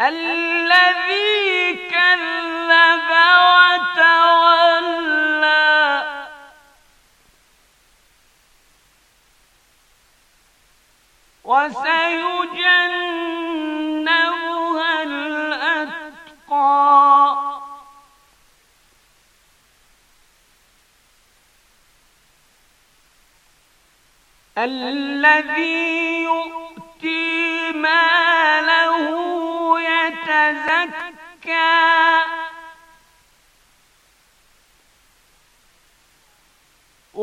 الذي كذب وتولى وسيجنبها الأتقى الذي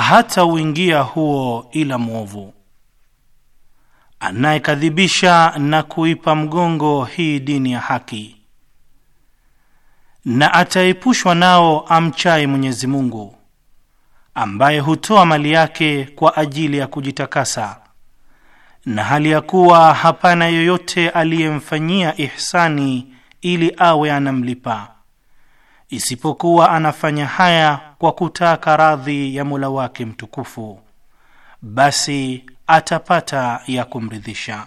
hata uingia huo ila mwovu. Anayekadhibisha na kuipa mgongo hii dini ya haki, na ataepushwa nao amchaye Mwenyezi Mungu, ambaye hutoa mali yake kwa ajili ya kujitakasa, na hali ya kuwa hapana yoyote aliyemfanyia ihsani ili awe anamlipa isipokuwa anafanya haya kwa kutaka radhi ya Mola wake mtukufu, basi atapata ya kumridhisha.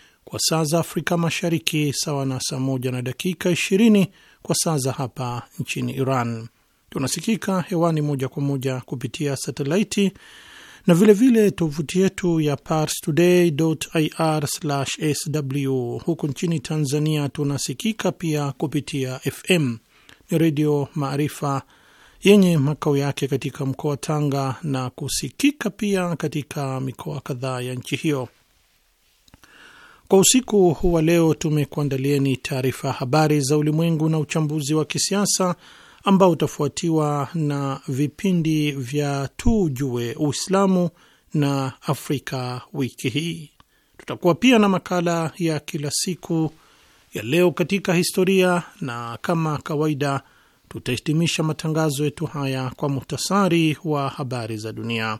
kwa saa za Afrika Mashariki, sawa na saa moja na dakika 20 kwa saa za hapa nchini Iran. Tunasikika hewani moja kwa moja kupitia satelaiti na vilevile tovuti yetu ya parstoday.ir/sw. huku nchini Tanzania tunasikika pia kupitia FM ni Redio Maarifa yenye makao yake katika mkoa wa Tanga na kusikika pia katika mikoa kadhaa ya nchi hiyo. Kwa usiku wa leo tumekuandalieni taarifa ya habari za ulimwengu na uchambuzi wa kisiasa ambao utafuatiwa na vipindi vya Tujue Uislamu na Afrika wiki hii. Tutakuwa pia na makala ya kila siku ya leo katika historia, na kama kawaida tutahitimisha matangazo yetu haya kwa muhtasari wa habari za dunia.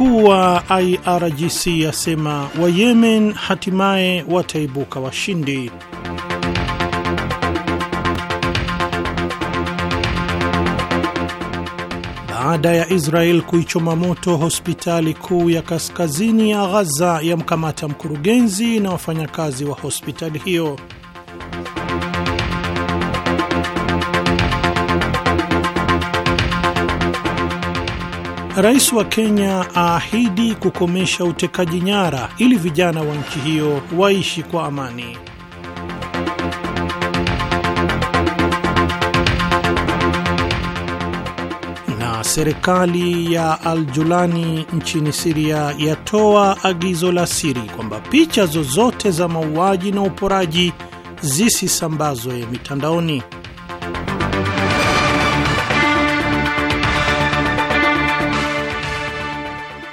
Mkuu wa IRGC asema Wayemen hatimaye wataibuka washindi. Baada ya Israel kuichoma moto hospitali kuu ya kaskazini ya Ghaza, yamkamata mkurugenzi na wafanyakazi wa hospitali hiyo. Rais wa Kenya aahidi kukomesha utekaji nyara ili vijana wa nchi hiyo waishi kwa amani. Na serikali ya Al-Julani nchini Siria yatoa agizo la siri kwamba picha zozote za mauaji na uporaji zisisambazwe mitandaoni.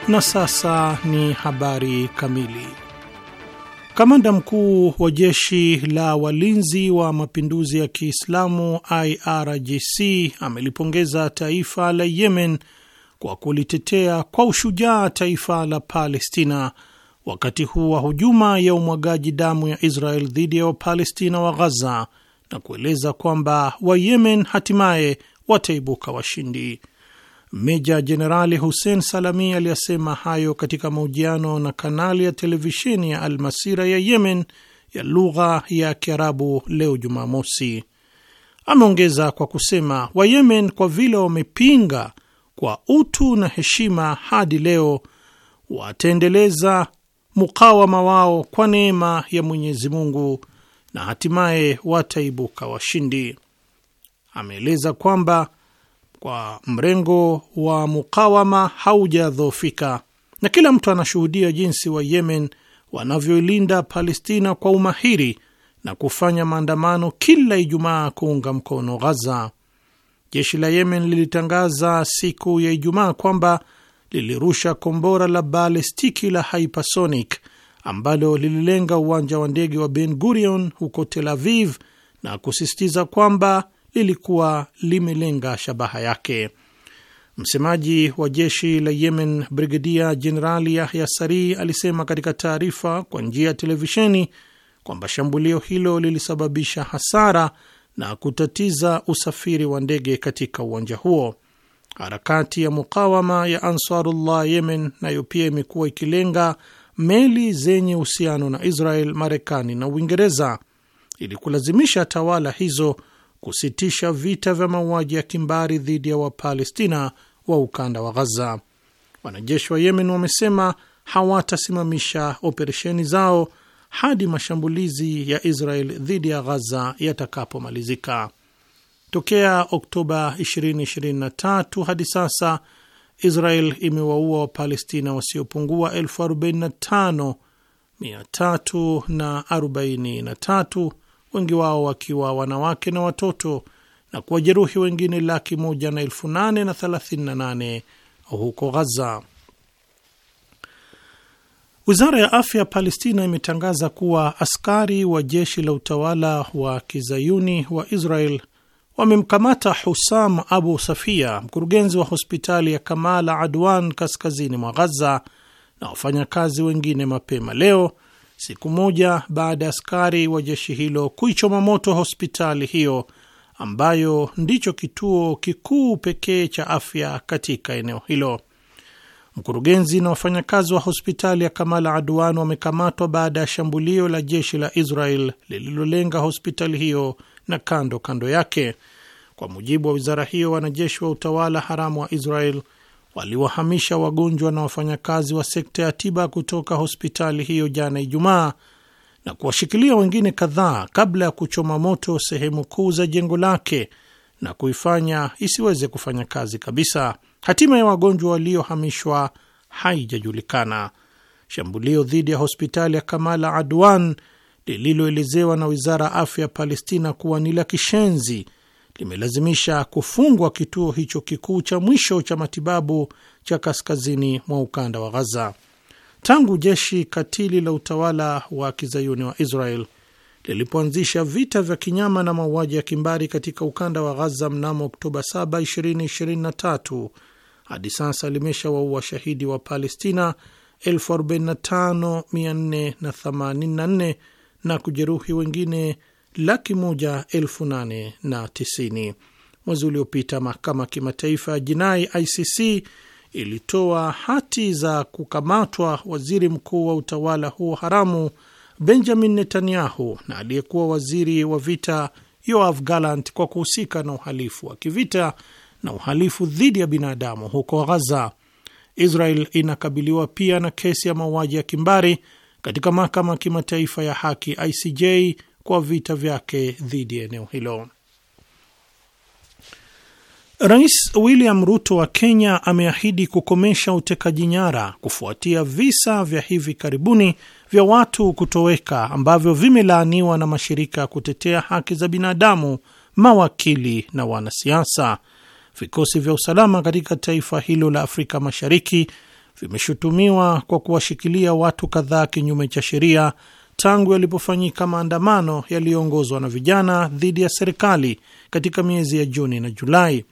Na sasa ni habari kamili. Kamanda mkuu wa jeshi la walinzi wa mapinduzi ya Kiislamu IRGC amelipongeza taifa la Yemen kwa kulitetea kwa ushujaa taifa la Palestina wakati huu wa hujuma ya umwagaji damu ya Israel dhidi ya Wapalestina wa Ghaza na kueleza kwamba Wayemen hatimaye wataibuka washindi. Meja Jenerali Hussein Salami aliyasema hayo katika mahojiano na kanali ya televisheni ya Almasira ya Yemen ya lugha ya Kiarabu leo Jumamosi. Ameongeza kwa kusema Wayemen kwa vile wamepinga kwa utu na heshima hadi leo wataendeleza mukawama wao kwa neema ya Mwenyezi Mungu na hatimaye wataibuka washindi. Ameeleza kwamba kwa mrengo wa mukawama haujadhofika na kila mtu anashuhudia jinsi wa Yemen wanavyoilinda Palestina kwa umahiri na kufanya maandamano kila Ijumaa kuunga mkono Ghaza. Jeshi la Yemen lilitangaza siku ya Ijumaa kwamba lilirusha kombora la balestiki la hypersonic ambalo lililenga uwanja wa ndege wa Ben Gurion huko Tel Aviv na kusisitiza kwamba lilikuwa limelenga shabaha yake. Msemaji wa jeshi la Yemen, Brigedia Jenerali Yahya Sari, alisema katika taarifa kwa njia ya televisheni kwamba shambulio hilo lilisababisha hasara na kutatiza usafiri wa ndege katika uwanja huo. Harakati ya mukawama ya Ansarullah Yemen nayo pia imekuwa ikilenga meli zenye uhusiano na Israel, Marekani na Uingereza ili kulazimisha tawala hizo kusitisha vita vya mauaji ya kimbari dhidi ya Wapalestina wa ukanda wa Ghaza. Wanajeshi wa Yemen wamesema hawatasimamisha operesheni zao hadi mashambulizi ya Israel dhidi ya Ghaza yatakapomalizika. Tokea Oktoba 2023 hadi sasa Israel imewaua Wapalestina wasiopungua 45,343 wengi wao wakiwa wanawake na watoto na kuwajeruhi wengine laki moja na elfu nane na thelathini na nane huko Ghaza. Wizara ya afya ya Palestina imetangaza kuwa askari wa jeshi la utawala wa kizayuni wa Israel wamemkamata Husam Abu Safia, mkurugenzi wa hospitali ya Kamala Adwan kaskazini mwa Ghaza, na wafanyakazi wengine mapema leo siku moja baada ya askari wa jeshi hilo kuichoma moto hospitali hiyo ambayo ndicho kituo kikuu pekee cha afya katika eneo hilo. Mkurugenzi na wafanyakazi wa hospitali ya Kamala Adwan wamekamatwa baada ya shambulio la jeshi la Israel lililolenga hospitali hiyo na kando kando yake. Kwa mujibu wa wizara hiyo, wanajeshi wa utawala haramu wa Israel waliwahamisha wagonjwa na wafanyakazi wa sekta ya tiba kutoka hospitali hiyo jana Ijumaa na kuwashikilia wengine kadhaa kabla ya kuchoma moto sehemu kuu za jengo lake na kuifanya isiweze kufanya kazi kabisa. Hatima ya wagonjwa waliohamishwa haijajulikana. Shambulio dhidi ya hospitali ya Kamala Adwan lililoelezewa na wizara ya afya ya Palestina kuwa ni la kishenzi limelazimisha kufungwa kituo hicho kikuu cha mwisho cha matibabu cha kaskazini mwa ukanda wa Ghaza. Tangu jeshi katili la utawala wa kizayuni wa Israel lilipoanzisha vita vya kinyama na mauaji ya kimbari katika ukanda wa Ghaza mnamo Oktoba 7, 2023 hadi sasa limeshawaua shahidi wa Palestina 45484 na kujeruhi wengine laki moja elfu nane na tisini. Mwezi uliopita mahakama ya kimataifa ya jinai ICC ilitoa hati za kukamatwa waziri mkuu wa utawala huo haramu Benjamin Netanyahu na aliyekuwa waziri wa vita Yoav Gallant kwa kuhusika na uhalifu wa kivita na uhalifu dhidi ya binadamu huko Ghaza. Israel inakabiliwa pia na kesi ya mauaji ya kimbari katika mahakama ya kimataifa ya haki ICJ kwa vita vyake dhidi ya eneo hilo. Rais William Ruto wa Kenya ameahidi kukomesha utekaji nyara kufuatia visa vya hivi karibuni vya watu kutoweka ambavyo vimelaaniwa na mashirika ya kutetea haki za binadamu, mawakili na wanasiasa. Vikosi vya usalama katika taifa hilo la Afrika Mashariki vimeshutumiwa kwa kuwashikilia watu kadhaa kinyume cha sheria tangu yalipofanyika maandamano yaliyoongozwa na vijana dhidi ya serikali katika miezi ya Juni na Julai.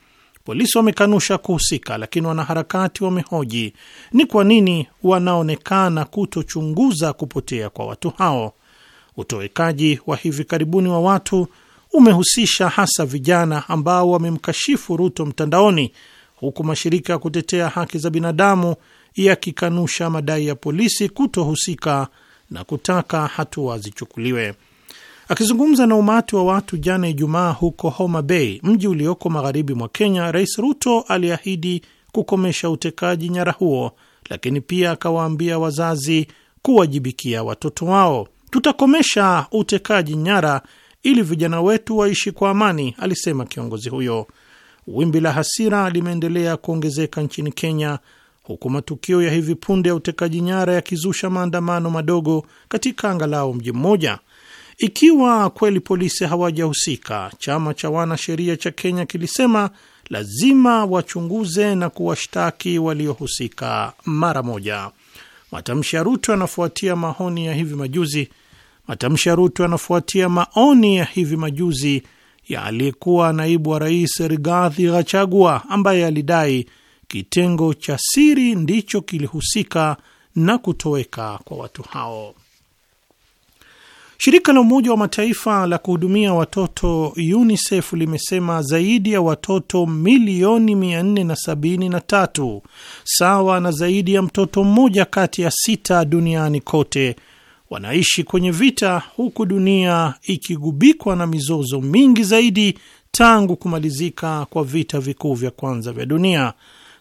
Polisi wamekanusha kuhusika, lakini wanaharakati wamehoji ni kwa nini wanaonekana kutochunguza kupotea kwa watu hao. Utowekaji wa hivi karibuni wa watu umehusisha hasa vijana ambao wamemkashifu Ruto mtandaoni, huku mashirika ya kutetea haki za binadamu yakikanusha madai ya polisi kutohusika na kutaka hatua zichukuliwe. Akizungumza na umati wa watu jana Ijumaa huko Homa Bay, mji ulioko magharibi mwa Kenya, Rais Ruto aliahidi kukomesha utekaji nyara huo, lakini pia akawaambia wazazi kuwajibikia watoto wao. Tutakomesha utekaji nyara ili vijana wetu waishi kwa amani, alisema kiongozi huyo. Wimbi la hasira limeendelea kuongezeka nchini Kenya huku matukio ya hivi punde ya utekaji nyara yakizusha maandamano madogo katika angalau mji mmoja. Ikiwa kweli polisi hawajahusika, chama cha wanasheria cha Kenya kilisema lazima wachunguze na kuwashtaki waliohusika mara moja. Matamshi ya Ruto yanafuatia maoni ya hivi majuzi matamshi ya Ruto yanafuatia maoni ya hivi majuzi ya aliyekuwa naibu wa rais Rigathi Gachagua ambaye alidai Kitengo cha siri ndicho kilihusika na kutoweka kwa watu hao. Shirika la Umoja wa Mataifa la kuhudumia watoto UNICEF limesema zaidi ya watoto milioni 473 sawa na zaidi ya mtoto mmoja kati ya sita duniani kote wanaishi kwenye vita, huku dunia ikigubikwa na mizozo mingi zaidi tangu kumalizika kwa vita vikuu vya kwanza vya dunia.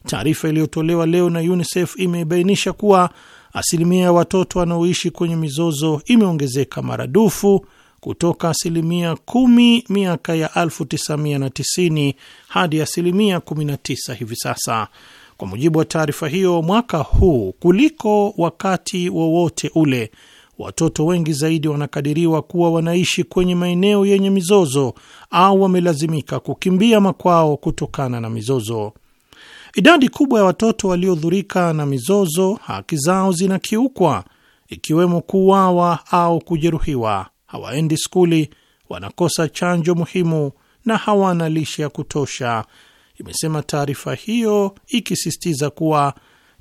Taarifa iliyotolewa leo na UNICEF imebainisha kuwa asilimia ya watoto wanaoishi kwenye mizozo imeongezeka maradufu kutoka asilimia 10 miaka ya 1990 hadi asilimia 19 hivi sasa. Kwa mujibu wa taarifa hiyo, mwaka huu kuliko wakati wowote wa ule, watoto wengi zaidi wanakadiriwa kuwa wanaishi kwenye maeneo yenye mizozo au wamelazimika kukimbia makwao kutokana na mizozo. Idadi kubwa ya watoto waliodhurika na mizozo, haki zao zinakiukwa, ikiwemo kuuawa au kujeruhiwa, hawaendi skuli, wanakosa chanjo muhimu na hawana lishe ya kutosha, imesema taarifa hiyo, ikisisitiza kuwa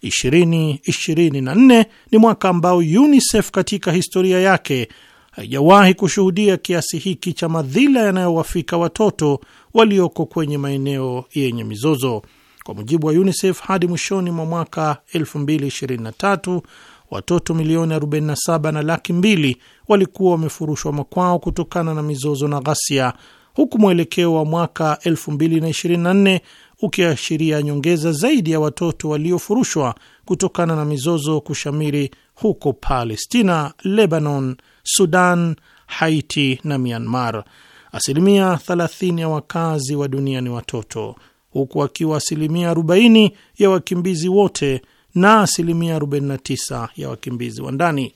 2024 ni mwaka ambao UNICEF katika historia yake haijawahi kushuhudia kiasi hiki cha madhila yanayowafika watoto walioko kwenye maeneo yenye mizozo. Kwa mujibu wa UNICEF, hadi mwishoni mwa mwaka 2023 watoto milioni 47 na laki mbili walikuwa wamefurushwa makwao kutokana na mizozo na ghasia, huku mwelekeo wa mwaka 2024 ukiashiria nyongeza zaidi ya watoto waliofurushwa kutokana na mizozo kushamiri huko Palestina, Lebanon, Sudan, Haiti na Myanmar. Asilimia 30 ya wakazi wa dunia ni watoto huku akiwa asilimia 40 ya wakimbizi wote na asilimia 49 ya wakimbizi wa ndani.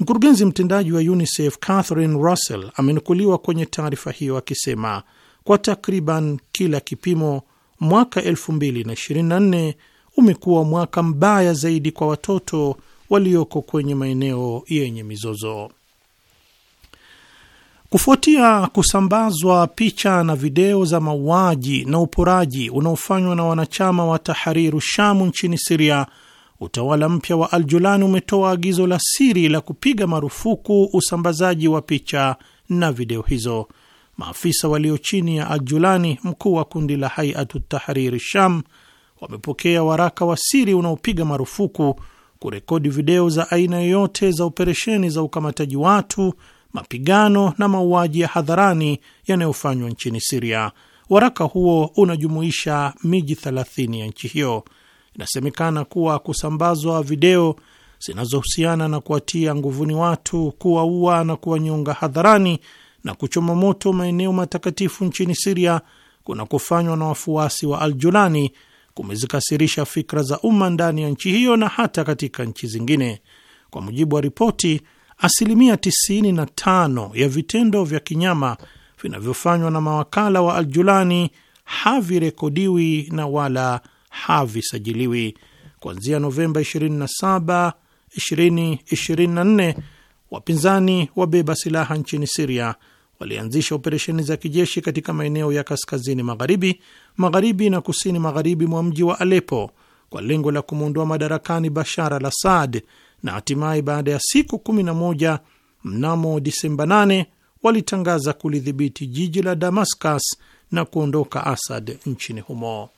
Mkurugenzi mtendaji wa UNICEF Catherine Russell amenukuliwa kwenye taarifa hiyo akisema, kwa takriban kila kipimo, mwaka 2024 umekuwa mwaka mbaya zaidi kwa watoto walioko kwenye maeneo yenye mizozo. Kufuatia kusambazwa picha na video za mauaji na uporaji unaofanywa na wanachama wa Tahariru Shamu nchini Siria, utawala mpya wa Al Julani umetoa agizo la siri la kupiga marufuku usambazaji wa picha na video hizo. Maafisa walio chini ya Al Julani, mkuu wa kundi la Haiatu Tahriri Sham, wamepokea waraka wa siri unaopiga marufuku kurekodi video za aina yoyote za operesheni za ukamataji watu mapigano na mauaji ya hadharani yanayofanywa nchini Siria. Waraka huo unajumuisha miji 30 ya nchi hiyo. Inasemekana kuwa kusambazwa video zinazohusiana na kuwatia nguvuni watu, kuwaua na kuwanyonga hadharani na kuchoma moto maeneo matakatifu nchini Siria kufanywa na wafuasi wa Aljulani kumezikasirisha fikra za umma ndani ya nchi hiyo na hata katika nchi zingine. Kwa mujibu wa ripoti asilimia 95 ya vitendo vya kinyama vinavyofanywa na mawakala wa Aljulani havirekodiwi na wala havisajiliwi. Kuanzia Novemba 27, 2024 wapinzani wabeba silaha nchini Siria walianzisha operesheni za kijeshi katika maeneo ya kaskazini magharibi, magharibi na kusini magharibi mwa mji wa Alepo kwa lengo la kumwondoa madarakani Bashar al-Assad na hatimaye baada ya siku 11 mnamo Disemba 8 walitangaza kulidhibiti jiji la Damascus na kuondoka Asad nchini humo.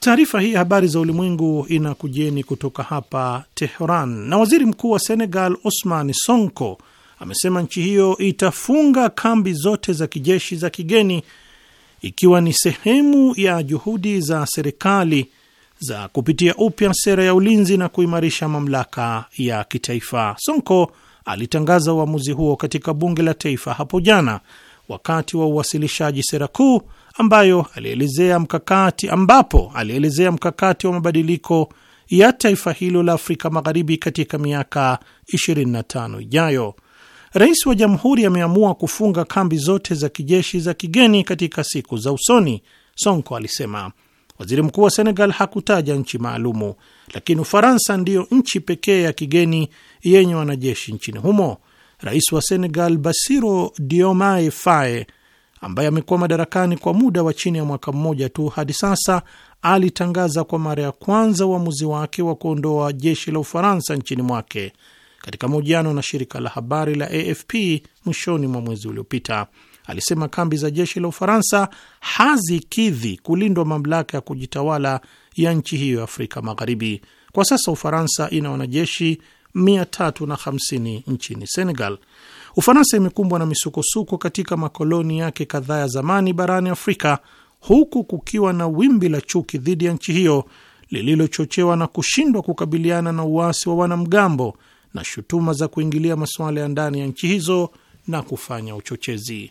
Taarifa hii habari za ulimwengu inakujeni kutoka hapa Tehran. Na waziri mkuu wa Senegal Osman Sonko amesema nchi hiyo itafunga kambi zote za kijeshi za kigeni ikiwa ni sehemu ya juhudi za serikali za kupitia upya sera ya ulinzi na kuimarisha mamlaka ya kitaifa. Sonko alitangaza uamuzi huo katika bunge la taifa hapo jana wakati wa uwasilishaji sera kuu ambayo alielezea mkakati ambapo alielezea mkakati wa mabadiliko ya taifa hilo la Afrika Magharibi katika miaka 25 ijayo. Rais wa jamhuri ameamua kufunga kambi zote za kijeshi za kigeni katika siku za usoni, Sonko alisema. Waziri mkuu wa Senegal hakutaja nchi maalumu, lakini Ufaransa ndiyo nchi pekee ya kigeni yenye wanajeshi nchini humo. Rais wa Senegal Basiro Diomaye Faye, ambaye amekuwa madarakani kwa muda wa chini ya mwaka mmoja tu hadi sasa, alitangaza kwa mara ya kwanza uamuzi wake wa kuondoa jeshi la Ufaransa nchini mwake katika mahojiano na shirika la habari la AFP mwishoni mwa mwezi uliopita alisema kambi za jeshi la Ufaransa hazikidhi kulindwa mamlaka ya kujitawala ya nchi hiyo ya Afrika Magharibi. Kwa sasa Ufaransa ina wanajeshi 350 nchini Senegal. Ufaransa imekumbwa na misukosuko katika makoloni yake kadhaa ya zamani barani Afrika, huku kukiwa na wimbi la chuki dhidi ya nchi hiyo lililochochewa na kushindwa kukabiliana na uasi wa wanamgambo na shutuma za kuingilia masuala ya ndani ya nchi hizo na kufanya uchochezi.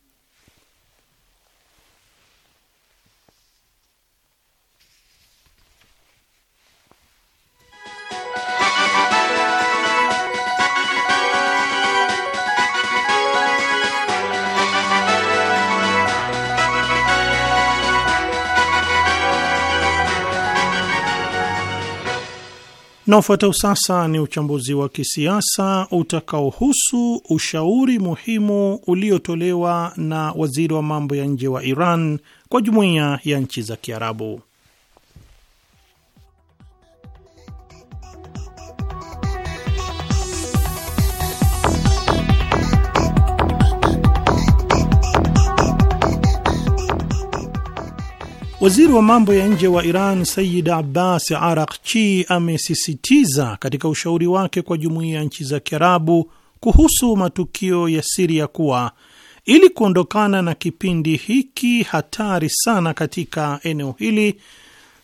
Na ufuatao sasa ni uchambuzi wa kisiasa utakaohusu ushauri muhimu uliotolewa na waziri wa mambo ya nje wa Iran kwa jumuiya ya nchi za Kiarabu. Waziri wa mambo ya nje wa Iran Sayid Abbas Arakchi amesisitiza katika ushauri wake kwa jumuiya ya nchi za Kiarabu kuhusu matukio ya Siria kuwa ili kuondokana na kipindi hiki hatari sana katika eneo hili,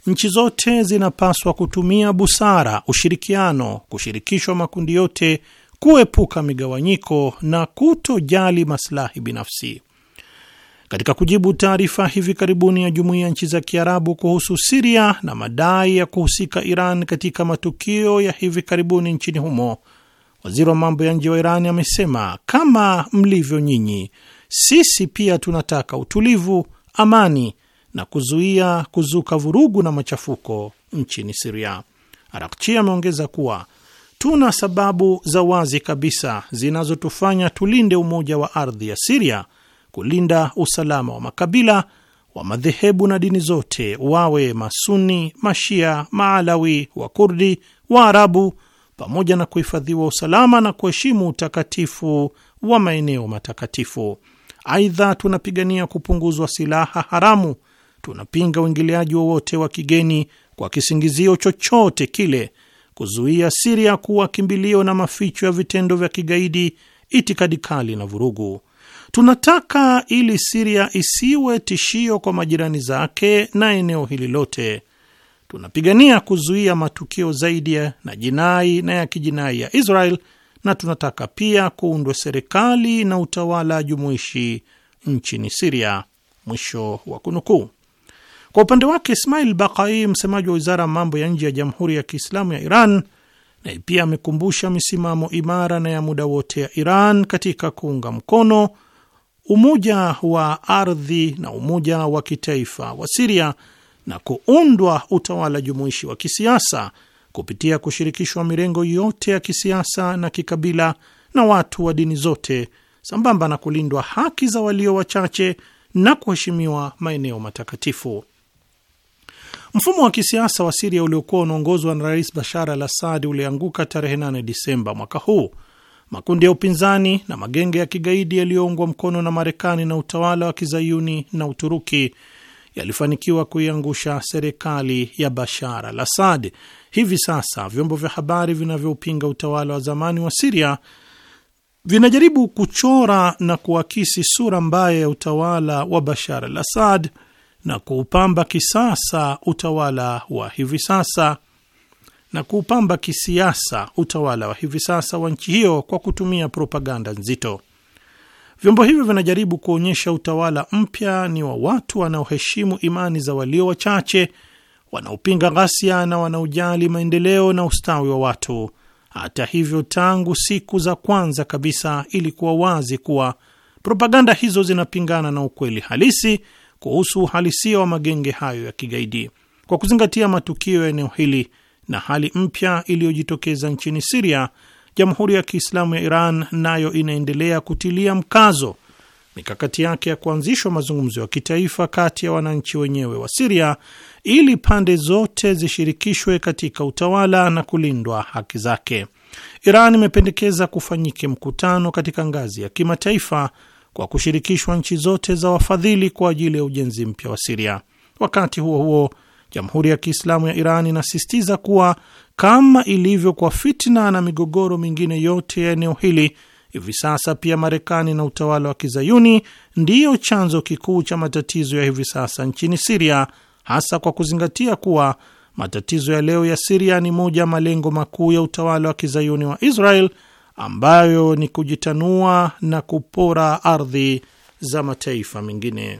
nchi zote zinapaswa kutumia busara, ushirikiano, kushirikishwa makundi yote, kuepuka migawanyiko na kutojali maslahi binafsi. Katika kujibu taarifa hivi karibuni ya jumuiya ya nchi za Kiarabu kuhusu Siria na madai ya kuhusika Iran katika matukio ya hivi karibuni nchini humo, waziri wa mambo ya nje wa Iran amesema, kama mlivyo nyinyi, sisi pia tunataka utulivu, amani na kuzuia kuzuka vurugu na machafuko nchini Siria. Arakchi ameongeza kuwa tuna sababu za wazi kabisa zinazotufanya tulinde umoja wa ardhi ya Siria kulinda usalama wa makabila wa madhehebu na dini zote, wawe Masuni, Mashia, Maalawi, Wakurdi, Waarabu, pamoja na kuhifadhiwa usalama na kuheshimu utakatifu wa maeneo matakatifu. Aidha, tunapigania kupunguzwa silaha haramu. Tunapinga uingiliaji wowote wa kigeni kwa kisingizio chochote kile, kuzuia Siria kuwa kimbilio na maficho ya vitendo vya kigaidi, itikadi kali na vurugu. Tunataka ili Siria isiwe tishio kwa majirani zake na eneo hili lote. Tunapigania kuzuia matukio zaidi na jinai na ya kijinai ya Israel, na tunataka pia kuundwe serikali na utawala jumuishi nchini Siria. Mwisho wa kunukuu. Kwa upande wake Ismail Bakai, msemaji wa wizara ya mambo ya nje ya Jamhuri ya Kiislamu ya Iran, naye pia amekumbusha misimamo imara na ya muda wote ya Iran katika kuunga mkono umoja wa ardhi na umoja wa kitaifa wa Siria na kuundwa utawala jumuishi wa kisiasa kupitia kushirikishwa mirengo yote ya kisiasa na kikabila na watu wa dini zote, sambamba na kulindwa haki za walio wachache na kuheshimiwa maeneo matakatifu. Mfumo wa kisiasa wa Siria uliokuwa unaongozwa na Rais Bashar al Assad ulianguka tarehe 8 Disemba mwaka huu makundi ya upinzani na magenge ya kigaidi yaliyoungwa mkono na Marekani na utawala wa kizayuni na Uturuki yalifanikiwa kuiangusha serikali ya Bashar al Assad. Hivi sasa vyombo vya habari vinavyopinga utawala wa zamani wa Siria vinajaribu kuchora na kuakisi sura mbaya ya utawala wa Bashar al Assad na kuupamba kisasa utawala wa hivi sasa na kuupamba kisiasa utawala wa hivi sasa wa nchi hiyo kwa kutumia propaganda nzito. Vyombo hivyo vinajaribu kuonyesha utawala mpya ni wa watu wanaoheshimu imani za walio wachache, wanaopinga ghasia na wanaojali maendeleo na ustawi wa watu. Hata hivyo, tangu siku za kwanza kabisa ilikuwa wazi kuwa propaganda hizo zinapingana na ukweli halisi kuhusu uhalisia wa magenge hayo ya kigaidi. Kwa kuzingatia matukio ya eneo hili na hali mpya iliyojitokeza nchini Siria, Jamhuri ya Kiislamu ya Iran nayo inaendelea kutilia mkazo mikakati yake ya kuanzishwa mazungumzo ya kitaifa kati ya wananchi wenyewe wa Siria ili pande zote zishirikishwe katika utawala na kulindwa haki zake. Iran imependekeza kufanyike mkutano katika ngazi ya kimataifa kwa kushirikishwa nchi zote za wafadhili kwa ajili ya ujenzi mpya wa Siria. Wakati huo huo, Jamhuri ya Kiislamu ya Iran inasisitiza kuwa kama ilivyo kwa fitna na migogoro mingine yote ya eneo hili, hivi sasa pia Marekani na utawala wa kizayuni ndiyo chanzo kikuu cha matatizo ya hivi sasa nchini Siria, hasa kwa kuzingatia kuwa matatizo ya leo ya Siria ni moja ya malengo makuu ya utawala wa kizayuni wa Israel ambayo ni kujitanua na kupora ardhi za mataifa mengine.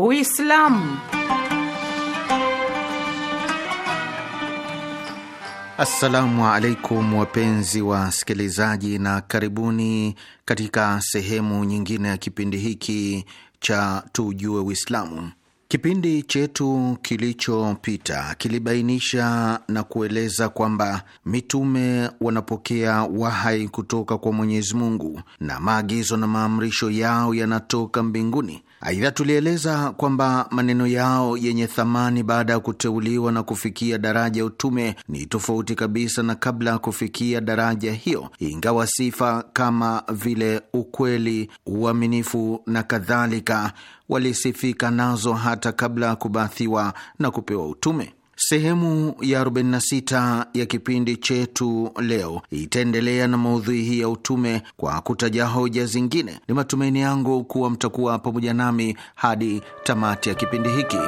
Uislamu. Assalamu alaikum wapenzi wa sikilizaji, na karibuni katika sehemu nyingine ya kipindi hiki cha tujue Uislamu. Kipindi chetu kilichopita kilibainisha na kueleza kwamba mitume wanapokea wahai kutoka kwa Mwenyezi Mungu na maagizo na maamrisho yao yanatoka mbinguni Aidha, tulieleza kwamba maneno yao yenye thamani baada ya kuteuliwa na kufikia daraja ya utume ni tofauti kabisa na kabla ya kufikia daraja hiyo, ingawa sifa kama vile ukweli, uaminifu na kadhalika walisifika nazo hata kabla ya kubathiwa na kupewa utume. Sehemu ya 46 ya kipindi chetu leo itaendelea na maudhui hii ya utume kwa kutaja hoja zingine. Ni matumaini yangu kuwa mtakuwa pamoja nami hadi tamati ya kipindi hiki.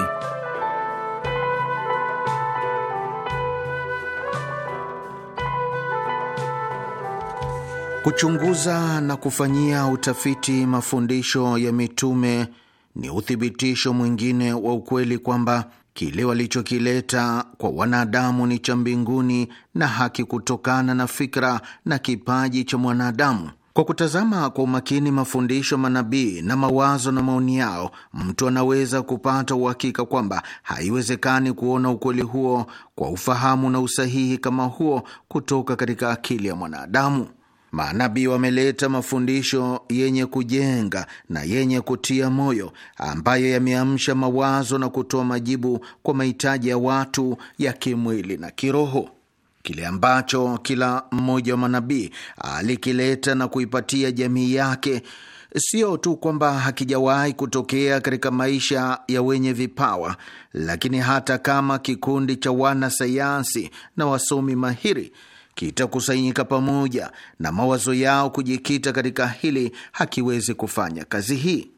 Kuchunguza na kufanyia utafiti mafundisho ya mitume ni uthibitisho mwingine wa ukweli kwamba Kile walichokileta kwa wanadamu ni cha mbinguni na haki kutokana na fikra na kipaji cha mwanadamu. Kwa kutazama kwa umakini mafundisho manabii na mawazo na maoni yao, mtu anaweza kupata uhakika kwamba haiwezekani kuona ukweli huo kwa ufahamu na usahihi kama huo kutoka katika akili ya mwanadamu. Manabii wameleta mafundisho yenye kujenga na yenye kutia moyo ambayo yameamsha mawazo na kutoa majibu kwa mahitaji ya watu ya kimwili na kiroho. Kile ambacho kila mmoja wa manabii alikileta na kuipatia jamii yake sio tu kwamba hakijawahi kutokea katika maisha ya wenye vipawa, lakini hata kama kikundi cha wanasayansi na wasomi mahiri kitakusanyika pamoja na mawazo yao kujikita katika hili hakiwezi kufanya kazi hii.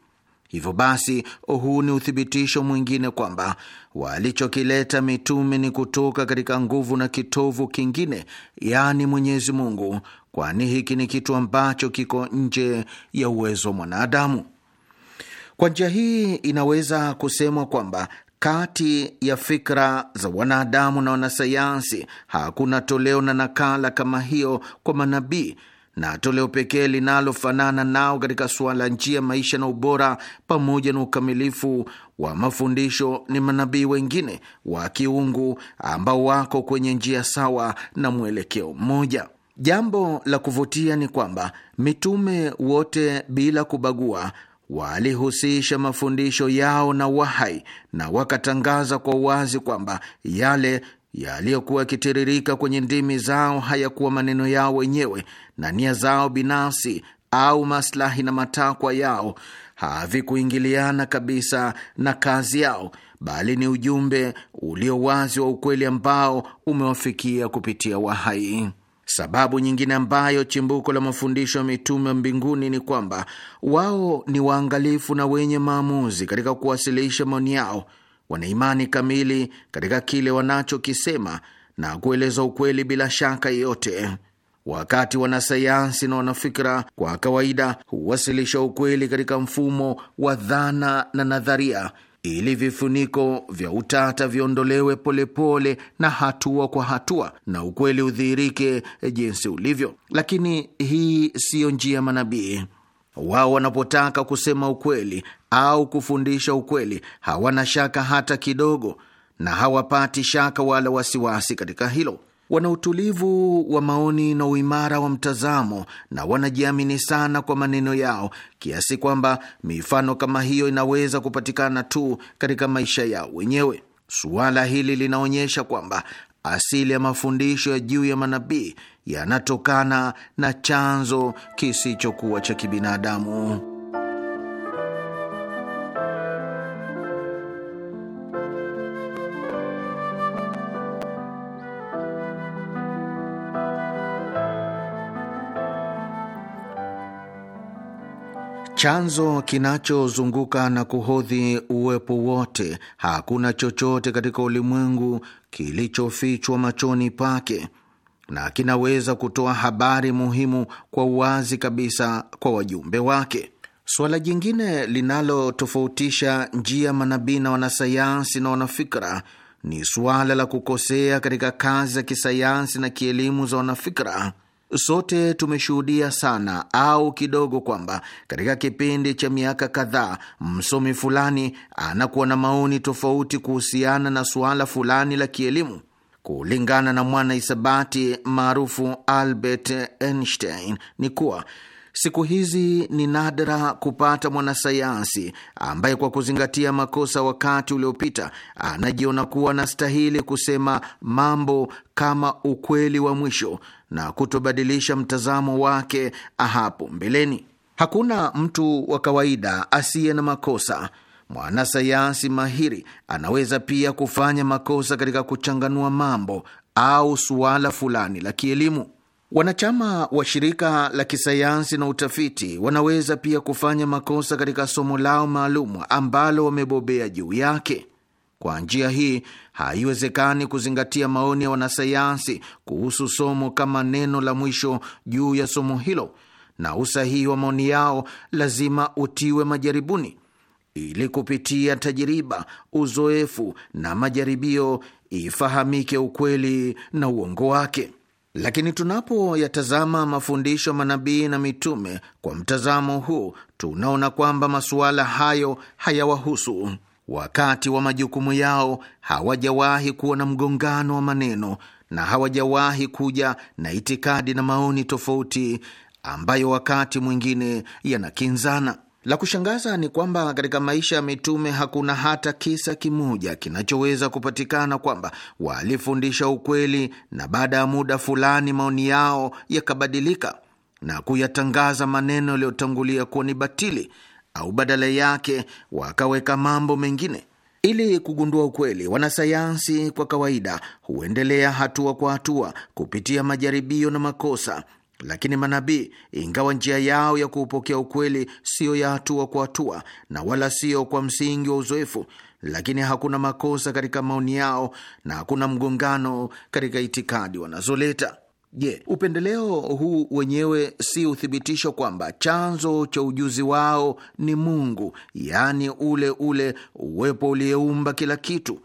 Hivyo basi, huu ni uthibitisho mwingine kwamba walichokileta mitume ni kutoka katika nguvu na kitovu kingine, yaani Mwenyezi Mungu, kwani hiki ni kitu ambacho kiko nje ya uwezo wa mwanadamu. Kwa njia hii inaweza kusemwa kwamba kati ya fikra za wanadamu na wanasayansi hakuna toleo na nakala kama hiyo kwa manabii na toleo pekee linalofanana nao katika suala njia maisha na ubora pamoja na ukamilifu wa mafundisho ni manabii wengine wa kiungu ambao wako kwenye njia sawa na mwelekeo mmoja. Jambo la kuvutia ni kwamba mitume wote bila kubagua walihusisha mafundisho yao na wahai na wakatangaza kwa uwazi kwamba yale yaliyokuwa yakitiririka kwenye ndimi zao hayakuwa maneno yao wenyewe na nia zao binafsi au maslahi na matakwa yao havikuingiliana kabisa na kazi yao, bali ni ujumbe ulio wazi wa ukweli ambao umewafikia kupitia wahai. Sababu nyingine ambayo chimbuko la mafundisho ya mitume wa mbinguni ni kwamba wao ni waangalifu na wenye maamuzi katika kuwasilisha maoni yao. Wana imani kamili katika kile wanachokisema na kueleza ukweli bila shaka yoyote. Wakati wanasayansi na wanafikira kwa kawaida huwasilisha ukweli katika mfumo wa dhana na nadharia ili vifuniko vya utata viondolewe polepole pole na hatua kwa hatua na ukweli udhihirike jinsi ulivyo. Lakini hii siyo njia manabii. Wao wanapotaka kusema ukweli au kufundisha ukweli, hawana shaka hata kidogo, na hawapati shaka wala wasiwasi katika hilo wana utulivu wa maoni na uimara wa mtazamo na wanajiamini sana kwa maneno yao kiasi kwamba mifano kama hiyo inaweza kupatikana tu katika maisha yao wenyewe. Suala hili linaonyesha kwamba asili ya mafundisho ya juu ya manabii yanatokana na chanzo kisichokuwa cha kibinadamu. chanzo kinachozunguka na kuhodhi uwepo wote. Hakuna chochote katika ulimwengu kilichofichwa machoni pake, na kinaweza kutoa habari muhimu kwa uwazi kabisa kwa wajumbe wake. Suala jingine linalotofautisha njia manabii na wanasayansi na wanafikra ni suala la kukosea katika kazi za kisayansi na kielimu za wanafikra. Sote tumeshuhudia sana au kidogo kwamba katika kipindi cha miaka kadhaa msomi fulani anakuwa na maoni tofauti kuhusiana na suala fulani la kielimu. Kulingana na mwana maarufu Albert Einstein ni kuwa siku hizi ni nadra kupata mwanasayansi ambaye kwa kuzingatia makosa wakati uliopita anajiona kuwa anastahili kusema mambo kama ukweli wa mwisho na kutobadilisha mtazamo wake hapo mbeleni. Hakuna mtu wa kawaida asiye na makosa. Mwanasayansi mahiri anaweza pia kufanya makosa katika kuchanganua mambo au suala fulani la kielimu. Wanachama wa shirika la kisayansi na utafiti wanaweza pia kufanya makosa katika somo lao maalum ambalo wamebobea juu yake. Kwa njia hii haiwezekani kuzingatia maoni ya wanasayansi kuhusu somo kama neno la mwisho juu ya somo hilo, na usahihi wa maoni yao lazima utiwe majaribuni ili kupitia tajiriba, uzoefu na majaribio ifahamike ukweli na uongo wake. Lakini tunapoyatazama mafundisho ya manabii na mitume kwa mtazamo huu, tunaona kwamba masuala hayo hayawahusu wakati wa majukumu yao hawajawahi kuwa na mgongano wa maneno na hawajawahi kuja na itikadi na maoni tofauti ambayo wakati mwingine yanakinzana. La kushangaza ni kwamba katika maisha ya mitume hakuna hata kisa kimoja kinachoweza kupatikana kwamba walifundisha ukweli na baada ya muda fulani maoni yao yakabadilika na kuyatangaza maneno yaliyotangulia kuwa ni batili au badala yake wakaweka mambo mengine. Ili kugundua ukweli, wanasayansi kwa kawaida huendelea hatua kwa hatua kupitia majaribio na makosa, lakini manabii, ingawa njia yao ya kuupokea ukweli siyo ya hatua kwa hatua na wala siyo kwa msingi wa uzoefu, lakini hakuna makosa katika maoni yao na hakuna mgongano katika itikadi wanazoleta. Je, upendeleo huu wenyewe si uthibitisho kwamba chanzo cha ujuzi wao ni Mungu, yaani ule ule uwepo uliyeumba kila kitu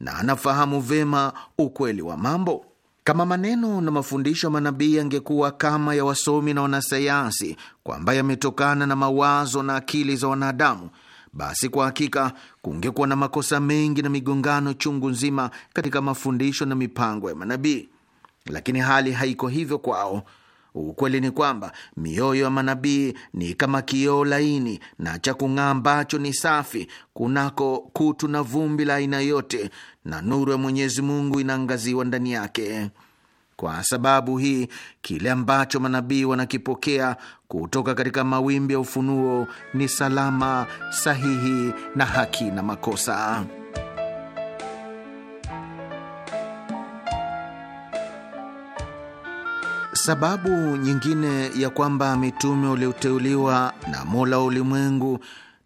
na anafahamu vema ukweli wa mambo? Kama maneno na mafundisho ya manabii yangekuwa kama ya wasomi na wanasayansi, kwamba yametokana na mawazo na akili za wanadamu, basi kwa hakika kungekuwa na makosa mengi na migongano chungu nzima katika mafundisho na mipango ya manabii lakini hali haiko hivyo kwao. Ukweli ni kwamba mioyo ya manabii ni kama kioo laini na cha kung'aa ambacho ni safi kunako kutu na vumbi la aina yote, na nuru ya Mwenyezi Mungu inaangaziwa ndani yake. Kwa sababu hii, kile ambacho manabii wanakipokea kutoka katika mawimbi ya ufunuo ni salama, sahihi na haki na makosa. Sababu nyingine ya kwamba mitume walioteuliwa na Mola wa ulimwengu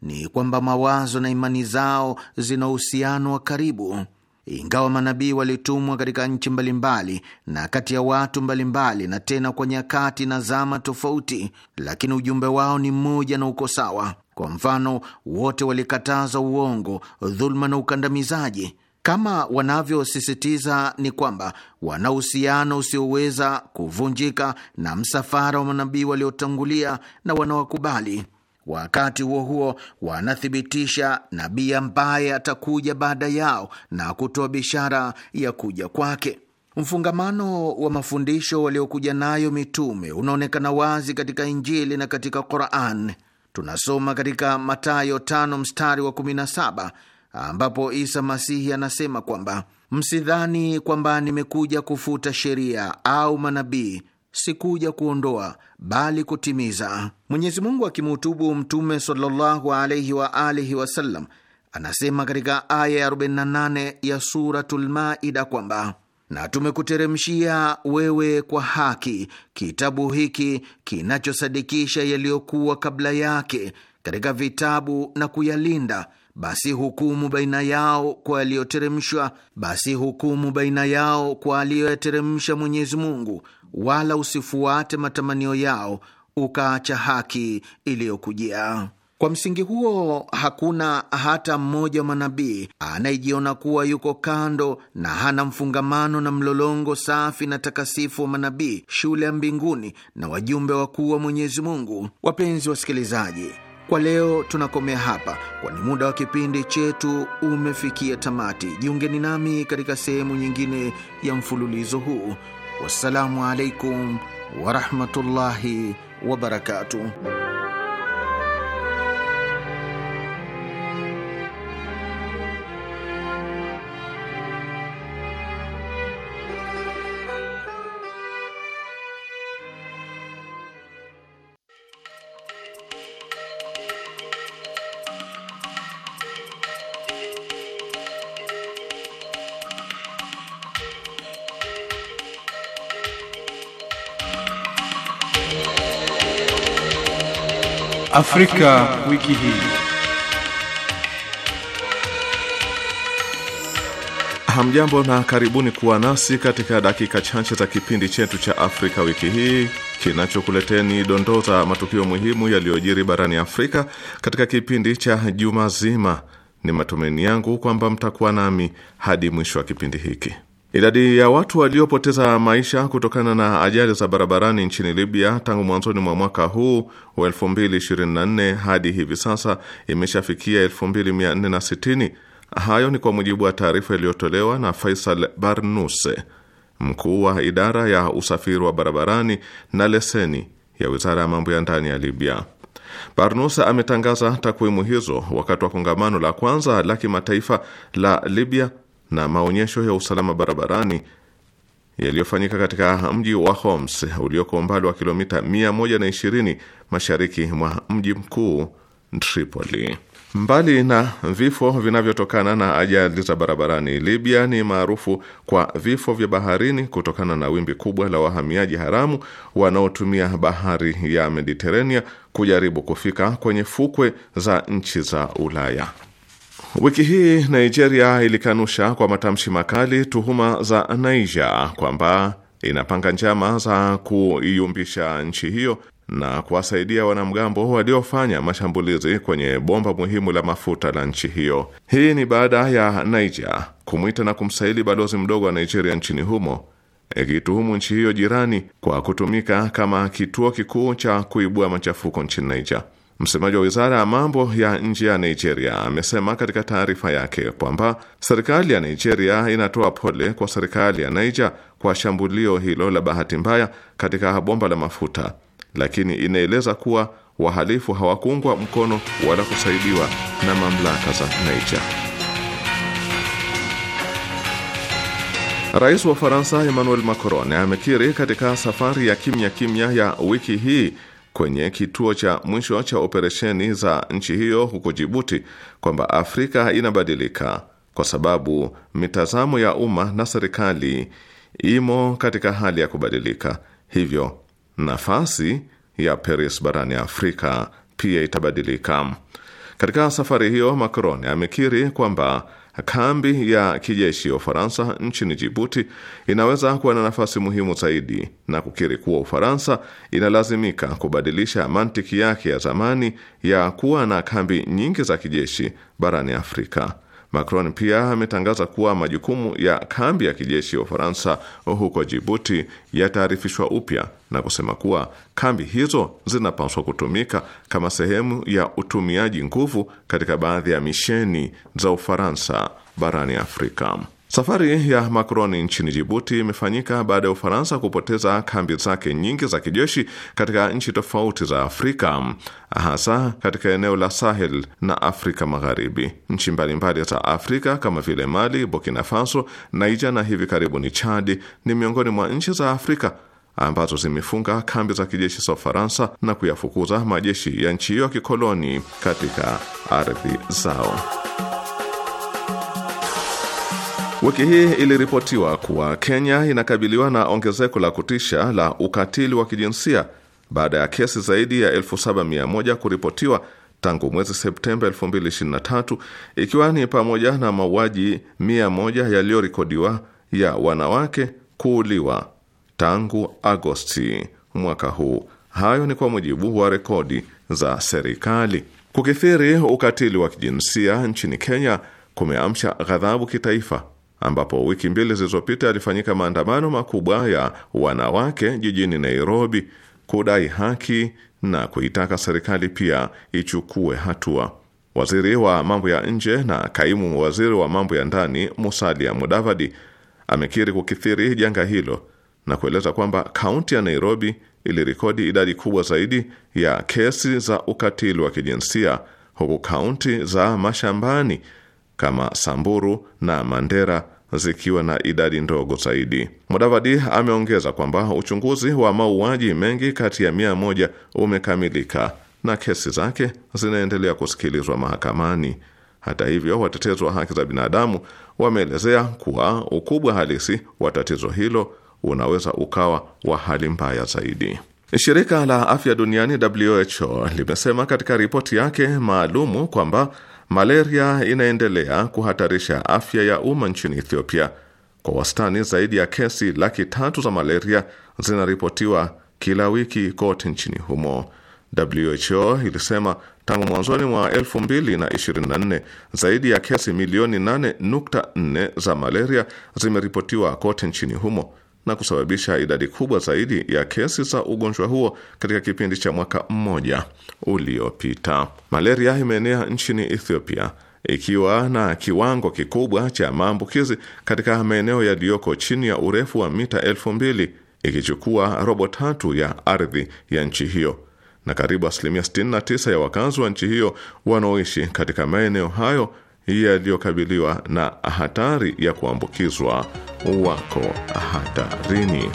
ni kwamba mawazo na imani zao zina uhusiano wa karibu. Ingawa manabii walitumwa katika nchi mbalimbali na kati ya watu mbalimbali, na tena kwa nyakati na zama tofauti, lakini ujumbe wao ni mmoja na uko sawa. Kwa mfano, wote walikataza uongo, dhuluma na ukandamizaji kama wanavyosisitiza ni kwamba wana uhusiano usioweza kuvunjika na msafara wa manabii waliotangulia na wanawakubali. Wakati huo huo, wanathibitisha nabii ambaye atakuja baada yao na kutoa bishara ya kuja kwake. Mfungamano wa mafundisho waliokuja nayo mitume unaonekana wazi katika Injili na katika Quran. Tunasoma katika matayo 5 mstari wa 17 ambapo Isa Masihi anasema kwamba msidhani kwamba nimekuja kufuta sheria au manabii, sikuja kuondoa bali kutimiza. Mwenyezi Mungu Mtume sallallahu alaihi wa alihi wasallam anasema katika aya ya 48 ya Suratul Maida kwamba na tumekuteremshia wewe kwa haki kitabu hiki kinachosadikisha yaliyokuwa kabla yake katika vitabu na kuyalinda basi hukumu baina yao kwa aliyoteremshwa, basi hukumu baina yao kwa aliyoyateremsha Mwenyezi Mungu, wala usifuate matamanio yao ukaacha haki iliyokujia. Kwa msingi huo hakuna hata mmoja wa manabii anayejiona kuwa yuko kando na hana mfungamano na mlolongo safi na takasifu wa manabii, shule ya mbinguni na wajumbe wakuu wa Mwenyezi Mungu. Wapenzi wasikilizaji kwa leo tunakomea hapa, kwani muda wa kipindi chetu umefikia tamati. Jiungeni nami katika sehemu nyingine ya mfululizo huu. Wassalamu alaikum warahmatullahi wabarakatuh. Afrika wiki hii. Hamjambo na karibuni kuwa nasi katika dakika chache za kipindi chetu cha Afrika wiki hii kinachokuleteni dondoo za matukio muhimu yaliyojiri barani Afrika katika kipindi cha juma zima. Ni matumaini yangu kwamba mtakuwa nami hadi mwisho wa kipindi hiki. Idadi ya watu waliopoteza maisha kutokana na ajali za barabarani nchini Libya tangu mwanzoni mwa mwaka huu wa 2024 hadi hivi sasa imeshafikia 2460. Hayo ni kwa mujibu wa taarifa iliyotolewa na Faisal Barnuse, mkuu wa idara ya usafiri wa barabarani na leseni ya Wizara ya Mambo ya Ndani ya Libya. barnuse ametangaza takwimu hizo wakati wa kongamano la kwanza la kimataifa la Libya na maonyesho ya usalama barabarani yaliyofanyika katika mji wa Homs ulioko umbali wa kilomita 120 mashariki mwa mji mkuu Tripoli. Mbali na vifo vinavyotokana na ajali za barabarani, Libya ni maarufu kwa vifo vya baharini kutokana na wimbi kubwa la wahamiaji haramu wanaotumia bahari ya Mediterania kujaribu kufika kwenye fukwe za nchi za Ulaya. Wiki hii Nigeria ilikanusha kwa matamshi makali tuhuma za Niger kwamba inapanga njama za kuiumbisha nchi hiyo na kuwasaidia wanamgambo waliofanya mashambulizi kwenye bomba muhimu la mafuta la nchi hiyo. Hii ni baada ya Niger kumwita na kumsaili balozi mdogo wa Nigeria nchini humo ikituhumu nchi hiyo jirani kwa kutumika kama kituo kikuu cha kuibua machafuko nchini Niger. Msemaji wa wizara ya mambo ya nje ya Nigeria amesema katika taarifa yake kwamba serikali ya Nigeria inatoa pole kwa serikali ya Niger kwa shambulio hilo la bahati mbaya katika bomba la mafuta, lakini inaeleza kuwa wahalifu hawakuungwa mkono wala kusaidiwa na mamlaka za Niger. Rais wa Faransa Emmanuel Macron amekiri katika safari ya kimya kimya ya wiki hii kwenye kituo cha mwisho cha operesheni za nchi hiyo huko Jibuti kwamba Afrika inabadilika kwa sababu mitazamo ya umma na serikali imo katika hali ya kubadilika. Hivyo nafasi ya Paris barani Afrika pia itabadilika. Katika safari hiyo, Macron amekiri kwamba Kambi ya kijeshi ya Ufaransa nchini Jibuti inaweza kuwa na nafasi muhimu zaidi na kukiri kuwa Ufaransa inalazimika kubadilisha mantiki yake ya zamani ya kuwa na kambi nyingi za kijeshi barani Afrika. Macron pia ametangaza kuwa majukumu ya kambi ya kijeshi ya Ufaransa huko Jibuti yataarifishwa upya na kusema kuwa kambi hizo zinapaswa kutumika kama sehemu ya utumiaji nguvu katika baadhi ya misheni za Ufaransa barani Afrika. Safari ya Macron nchini Jibuti imefanyika baada ya Ufaransa kupoteza kambi zake nyingi za kijeshi katika nchi tofauti za Afrika, hasa katika eneo la Sahel na Afrika Magharibi. Nchi mbalimbali za Afrika kama vile Mali, Burkina Faso, Niger na hivi karibuni Chadi ni miongoni mwa nchi za Afrika ambazo zimefunga kambi za kijeshi za Ufaransa na kuyafukuza majeshi ya nchi hiyo ya kikoloni katika ardhi zao. Wiki hii iliripotiwa kuwa Kenya inakabiliwa na ongezeko la kutisha la ukatili wa kijinsia baada ya kesi zaidi ya 71 kuripotiwa tangu mwezi Septemba 2023 ikiwa ni pamoja na mauaji 100 yaliyorekodiwa ya wanawake kuuliwa tangu Agosti mwaka huu. Hayo ni kwa mujibu wa rekodi za serikali. Kukithiri ukatili wa kijinsia nchini Kenya kumeamsha ghadhabu kitaifa ambapo wiki mbili zilizopita yalifanyika maandamano makubwa ya wanawake jijini Nairobi kudai haki na kuitaka serikali pia ichukue hatua. Waziri wa mambo ya nje na kaimu waziri wa mambo ya ndani Musalia Mudavadi amekiri kukithiri janga hilo na kueleza kwamba kaunti ya Nairobi ilirekodi idadi kubwa zaidi ya kesi za ukatili wa kijinsia huku kaunti za mashambani kama Samburu na Mandera zikiwa na idadi ndogo zaidi. Mudavadi ameongeza kwamba uchunguzi wa mauaji mengi kati ya mia moja umekamilika na kesi zake zinaendelea kusikilizwa mahakamani. Hata hivyo, watetezi wa haki za binadamu wameelezea kuwa ukubwa halisi wa tatizo hilo unaweza ukawa wa hali mbaya zaidi. Shirika la Afya Duniani WHO limesema katika ripoti yake maalumu kwamba malaria inaendelea kuhatarisha afya ya umma nchini Ethiopia. Kwa wastani zaidi ya kesi laki tatu za malaria zinaripotiwa kila wiki kote nchini humo. WHO ilisema tangu mwanzoni mwa 2024 zaidi ya kesi milioni 8.4 za malaria zimeripotiwa kote nchini humo na kusababisha idadi kubwa zaidi ya kesi za ugonjwa huo katika kipindi cha mwaka mmoja uliopita. Malaria imeenea nchini Ethiopia ikiwa na kiwango kikubwa cha maambukizi katika maeneo yaliyoko chini ya urefu wa mita elfu mbili ikichukua robo tatu ya ardhi ya nchi hiyo, na karibu asilimia 69 ya wakazi wa nchi hiyo wanaoishi katika maeneo hayo yaliyokabiliwa na hatari ya kuambukizwa wako hatarini.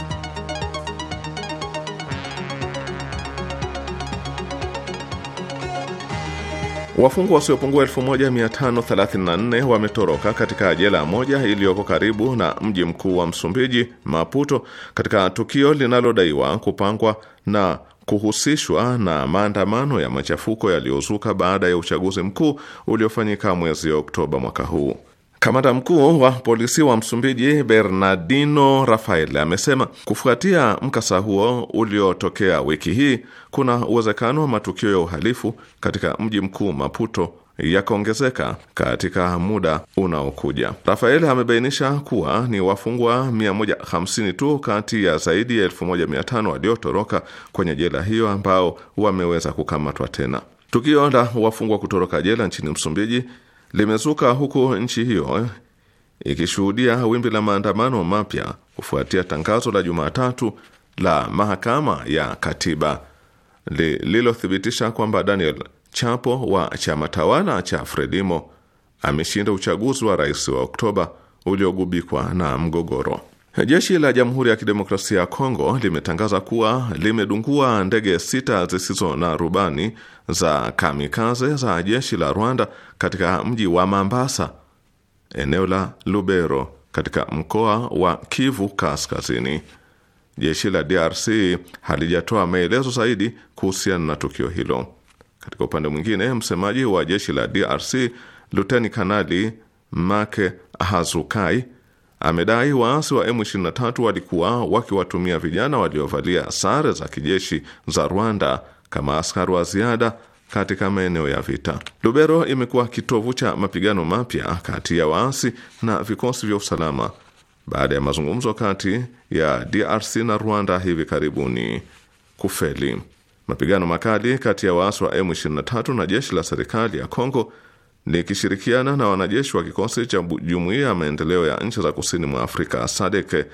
Wafungwa wasiopungua 1534 wametoroka katika jela moja iliyoko karibu na mji mkuu wa Msumbiji, Maputo, katika tukio linalodaiwa kupangwa na kuhusishwa na maandamano ya machafuko yaliyozuka baada ya uchaguzi mkuu uliofanyika mwezi Oktoba mwaka huu. Kamanda mkuu wa polisi wa Msumbiji Bernardino Rafael amesema kufuatia mkasa huo uliotokea wiki hii, kuna uwezekano wa matukio ya uhalifu katika mji mkuu Maputo yakaongezeka katika muda unaokuja. Rafael amebainisha kuwa ni wafungwa 150 tu kati ya zaidi ya 1500 waliotoroka kwenye jela hiyo ambao wameweza kukamatwa tena. Tukio la wafungwa kutoroka jela nchini Msumbiji limezuka huku nchi hiyo ikishuhudia wimbi la maandamano mapya kufuatia tangazo la Jumatatu la mahakama ya katiba lililothibitisha kwamba Daniel chapo wa chama tawala cha fredimo ameshinda uchaguzi wa rais wa Oktoba uliogubikwa na mgogoro. Jeshi la Jamhuri ya Kidemokrasia ya Kongo limetangaza kuwa limedungua ndege sita zisizo na rubani za kamikaze za jeshi la Rwanda katika mji wa Mambasa, eneo la Lubero katika mkoa wa Kivu Kaskazini. Jeshi la DRC halijatoa maelezo zaidi kuhusiana na tukio hilo. Katika upande mwingine, msemaji wa jeshi la DRC luteni kanali Make Hazukai amedai waasi wa M23 walikuwa wakiwatumia vijana waliovalia sare za kijeshi za Rwanda kama askari wa ziada katika maeneo ya vita. Lubero imekuwa kitovu cha mapigano mapya kati ya waasi na vikosi vya usalama baada ya mazungumzo kati ya DRC na Rwanda hivi karibuni kufeli. Mapigano makali kati ya waasi wa M23 na jeshi la serikali ya Kongo likishirikiana na wanajeshi wa kikosi cha jumuiya ya maendeleo ya nchi za kusini mwa Afrika SADC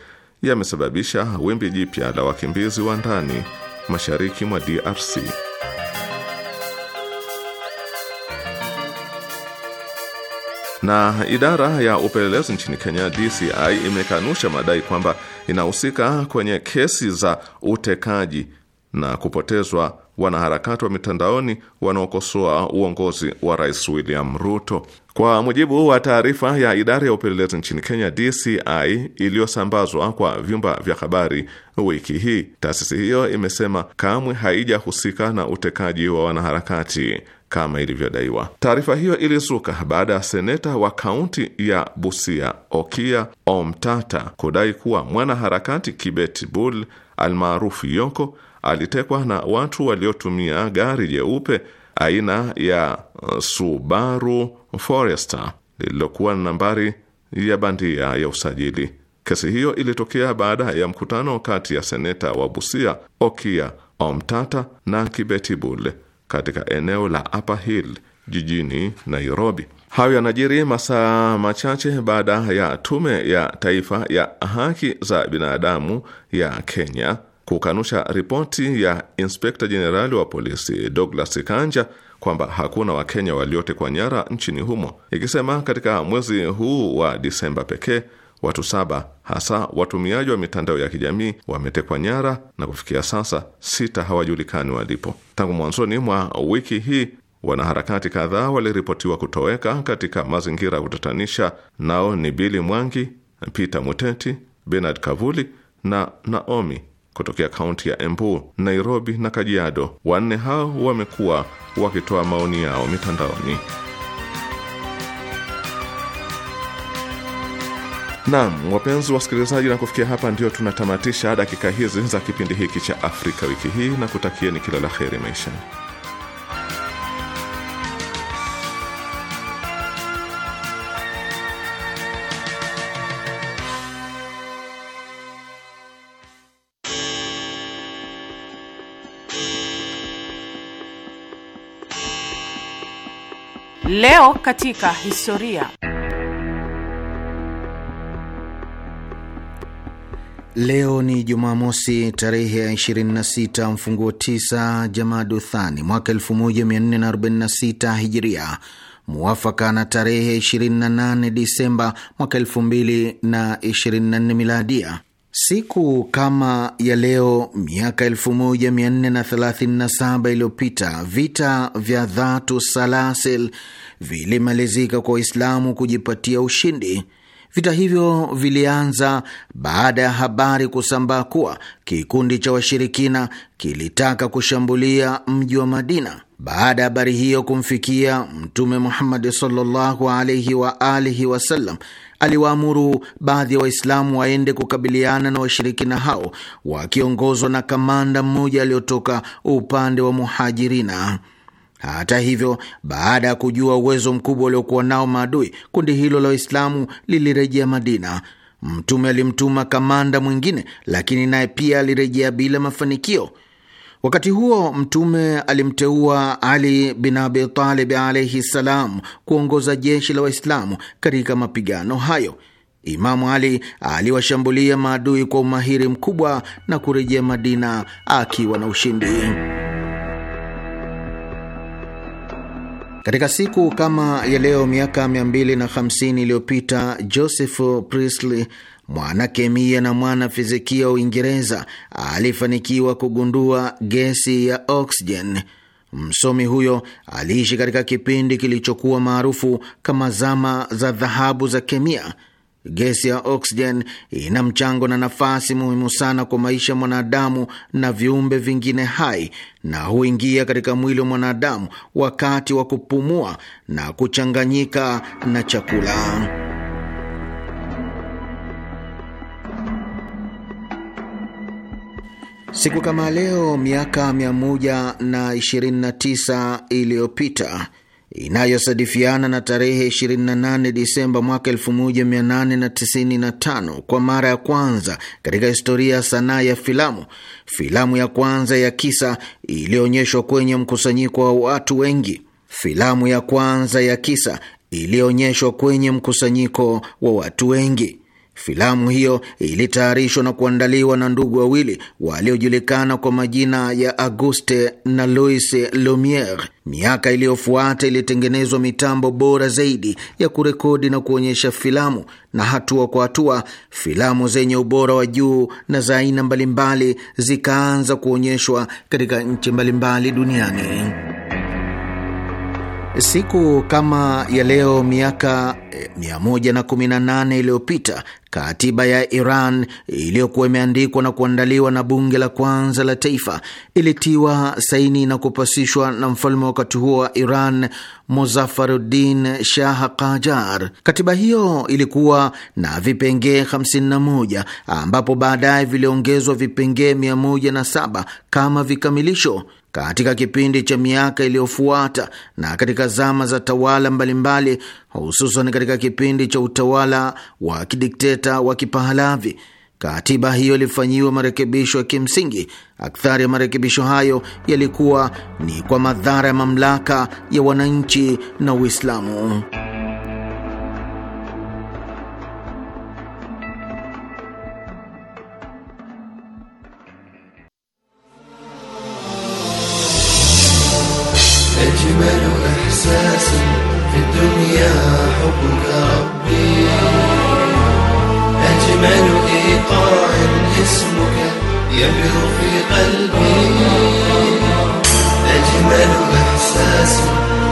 yamesababisha wimbi jipya la wakimbizi wa ndani mashariki mwa DRC. Na idara ya upelelezi nchini Kenya DCI imekanusha madai kwamba inahusika kwenye kesi za utekaji na kupotezwa wanaharakati wa mitandaoni wanaokosoa uongozi wa Rais William Ruto. Kwa mujibu wa taarifa ya idara ya upelelezi nchini Kenya DCI iliyosambazwa kwa vyumba vya habari wiki hii, taasisi hiyo imesema kamwe haijahusika na utekaji wa wanaharakati kama ilivyodaiwa. Taarifa hiyo ilizuka baada ya seneta wa kaunti ya Busia Okia Omtata kudai kuwa mwanaharakati Kibet Bull almaarufu Yoko alitekwa na watu waliotumia gari jeupe aina ya uh, Subaru Forester lililokuwa na nambari ya bandia ya usajili. Kesi hiyo ilitokea baada ya mkutano kati ya seneta wa Busia Okia Omtata na Kibeti Bule katika eneo la Upper Hill jijini Nairobi. Hayo yanajiri masaa machache baada ya tume ya taifa ya haki za binadamu ya Kenya kukanusha ripoti ya inspekta jenerali wa polisi Douglas Kanja kwamba hakuna Wakenya waliotekwa nyara nchini humo, ikisema katika mwezi huu wa Disemba pekee watu saba hasa watumiaji wa mitandao ya kijamii wametekwa nyara na kufikia sasa sita hawajulikani walipo. Tangu mwanzoni mwa wiki hii wanaharakati kadhaa waliripotiwa kutoweka katika mazingira ya kutatanisha, nao ni Bili Mwangi, Peter Muteti, Bernard Kavuli na Naomi kutokea kaunti ya Embu, Nairobi na Kajiado. Wanne hao wamekuwa wakitoa maoni yao mitandaoni. Naam, wapenzi wasikilizaji, na kufikia hapa ndio tunatamatisha dakika hizi za kipindi hiki cha Afrika wiki hii na kutakieni kila la heri maisha Leo katika historia. Leo ni Jumamosi tarehe ya 26 mfunguo 9 Jamadu Thani mwaka 1446 Hijiria, muwafaka na tarehe 28 Disemba mwaka 2024 Miladia. Siku kama ya leo miaka 1437 iliyopita vita vya Dhatu Salasil vilimalizika kwa Waislamu kujipatia ushindi. Vita hivyo vilianza baada ya habari kusambaa kuwa kikundi cha washirikina kilitaka kushambulia mji wa Madina. Baada ya habari hiyo kumfikia Mtume Muhammadi sallallahu alaihi wa alihi wasallam aliwaamuru baadhi ya wa Waislamu waende kukabiliana na washirikina hao wakiongozwa na kamanda mmoja aliyotoka upande wa Muhajirina. Hata hivyo, baada ya kujua uwezo mkubwa uliokuwa nao maadui, kundi hilo la Waislamu lilirejea Madina. Mtume alimtuma kamanda mwingine, lakini naye pia alirejea bila mafanikio. Wakati huo Mtume alimteua Ali bin Abi Talib alaihi ssalam kuongoza jeshi la Waislamu katika mapigano hayo. Imamu Ali aliwashambulia maadui kwa umahiri mkubwa na kurejea Madina akiwa na ushindi. Katika siku kama ya leo miaka 250 iliyopita Joseph Priestley mwana kemia na mwana fizikia wa Uingereza alifanikiwa kugundua gesi ya oksijen. Msomi huyo aliishi katika kipindi kilichokuwa maarufu kama zama za dhahabu za kemia. Gesi ya oksijen ina mchango na nafasi muhimu sana kwa maisha ya mwanadamu na viumbe vingine hai, na huingia katika mwili wa mwanadamu wakati wa kupumua na kuchanganyika na chakula. Siku kama leo miaka 129 iliyopita inayosadifiana na tarehe 28 Disemba mwaka 1895, kwa mara ya kwanza katika historia ya sanaa ya filamu, filamu ya kwanza ya kisa iliyoonyeshwa kwenye mkusanyiko wa watu wengi. Filamu ya kwanza ya kisa iliyoonyeshwa kwenye mkusanyiko wa watu wengi. Filamu hiyo ilitayarishwa na kuandaliwa na ndugu wawili waliojulikana kwa majina ya Auguste na Louis Lumiere. Miaka iliyofuata ilitengenezwa mitambo bora zaidi ya kurekodi na kuonyesha filamu, na hatua kwa hatua filamu zenye ubora wa juu na za aina mbalimbali zikaanza kuonyeshwa katika nchi mbalimbali duniani. Siku kama ya leo miaka 118 eh, iliyopita katiba ya Iran iliyokuwa imeandikwa na kuandaliwa na bunge la kwanza la taifa ilitiwa saini na kupasishwa na mfalme wakati huo wa Iran, muzafarudin Shah Kajar. Katiba hiyo ilikuwa na vipengee 51 ambapo baadaye viliongezwa vipengee 107 kama vikamilisho. Katika kipindi cha miaka iliyofuata na katika zama za tawala mbalimbali, hususan katika kipindi cha utawala wa kidikteta wa Kipahalavi, katiba hiyo ilifanyiwa marekebisho ya kimsingi. Akthari ya marekebisho hayo yalikuwa ni kwa madhara ya mamlaka ya wananchi na Uislamu. أجمل إيقاع اسمك يبلغ في قلبي أجمل إحساس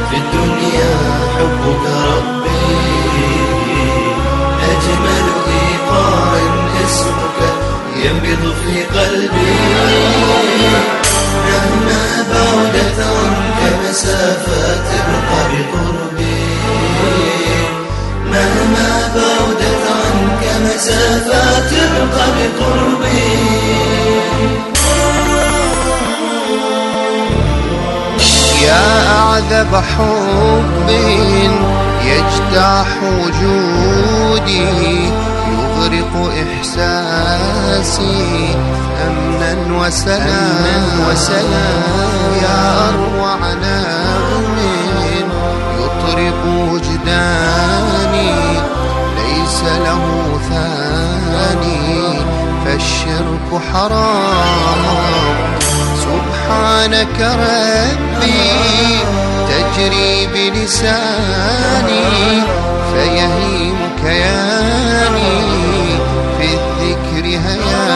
في الدنيا حبك ربي أجمل إيقاع اسمك ينبض في قلبي مهما بعدت عنك مسافات تبقى بقربي مهما سوف تبقى بقربي يا أعذب حب يجتاح وجودي يغرق إحساسي أمنا وسلام, وسلام يا أروع ناسي حرام سبحانك ربي تجري بلساني فيهيم كياني في الذكر هياني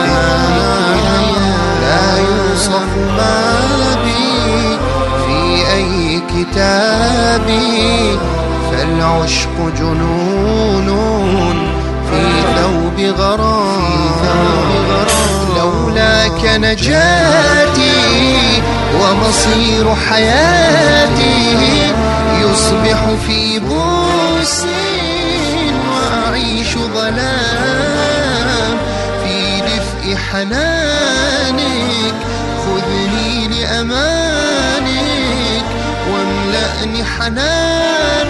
لا يوصف ما بي في أي كتاب فالعشق جنون في ثوب غرام لك نجاتي ومصير حياتي يصبح في بؤس وأعيش ظلام في دفء حنانك خذني لأمانك واملأني حنانك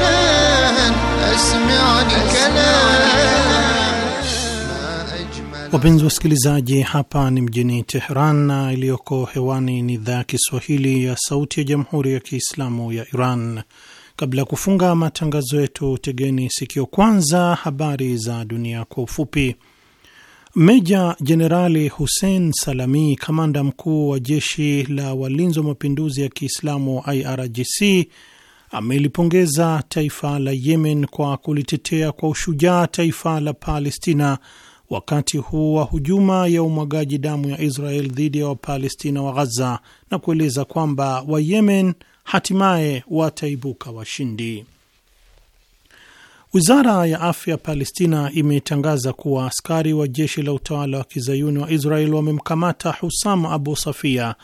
Wapenzi wasikilizaji, hapa ni mjini Teheran na iliyoko hewani ni idhaa ya Kiswahili ya Sauti ya Jamhuri ya Kiislamu ya Iran. Kabla ya kufunga matangazo yetu, tegeni sikio kwanza habari za dunia kwa ufupi. Meja Jenerali Hussein Salami, kamanda mkuu wa jeshi la walinzi wa mapinduzi ya Kiislamu IRGC, amelipongeza taifa la Yemen kwa kulitetea kwa ushujaa taifa la Palestina wakati huu wa hujuma ya umwagaji damu ya Israel dhidi ya Wapalestina wa Ghaza na kueleza kwamba Wayemen hatimaye wataibuka washindi. Wizara ya afya ya Palestina imetangaza kuwa askari wa jeshi la utawala wa kizayuni wa Israel wamemkamata Husam Abu Safia,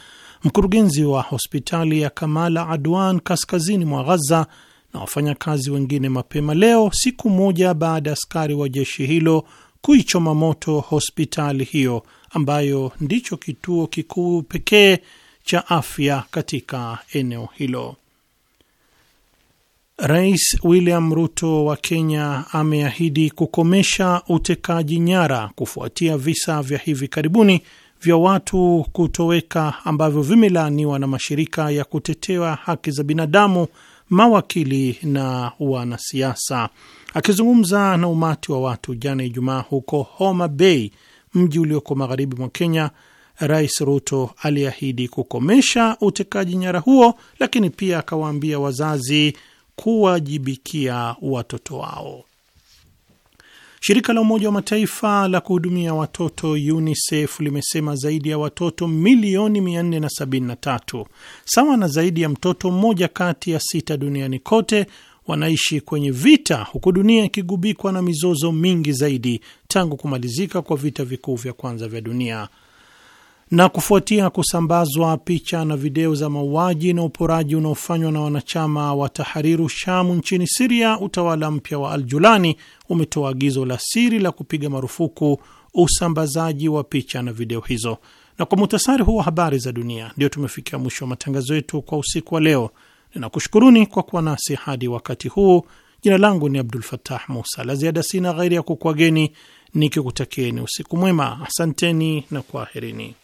mkurugenzi wa hospitali ya Kamala Adwan kaskazini mwa Ghaza na wafanyakazi wengine mapema leo, siku moja baada ya askari wa jeshi hilo kuichoma moto hospitali hiyo ambayo ndicho kituo kikuu pekee cha afya katika eneo hilo. Rais William Ruto wa Kenya ameahidi kukomesha utekaji nyara kufuatia visa vya hivi karibuni vya watu kutoweka ambavyo vimelaaniwa na mashirika ya kutetea haki za binadamu, mawakili na wanasiasa. Akizungumza na umati wa watu jana Ijumaa huko Homa Bay, mji ulioko magharibi mwa Kenya, Rais Ruto aliahidi kukomesha utekaji nyara huo, lakini pia akawaambia wazazi kuwajibikia watoto wao. Shirika la Umoja wa Mataifa la kuhudumia watoto UNICEF limesema zaidi ya watoto milioni 473 sawa na zaidi ya mtoto mmoja kati ya sita duniani kote wanaishi kwenye vita, huku dunia ikigubikwa na mizozo mingi zaidi tangu kumalizika kwa vita vikuu vya kwanza vya dunia. Na kufuatia kusambazwa picha na video za mauaji na uporaji unaofanywa na wanachama wa Tahariru Shamu nchini Siria, utawala mpya wa al julani umetoa agizo la siri la kupiga marufuku usambazaji wa picha na video hizo. Na kwa muhtasari huu wa habari za dunia, ndio tumefikia mwisho wa matangazo yetu kwa usiku wa leo. Ninakushukuruni kwa kuwa nasi hadi wakati huu. Jina langu ni Abdul Fatah Musa. La ziada sina ghairi ya kukwageni nikikutakieni usiku mwema. Asanteni na kwaherini.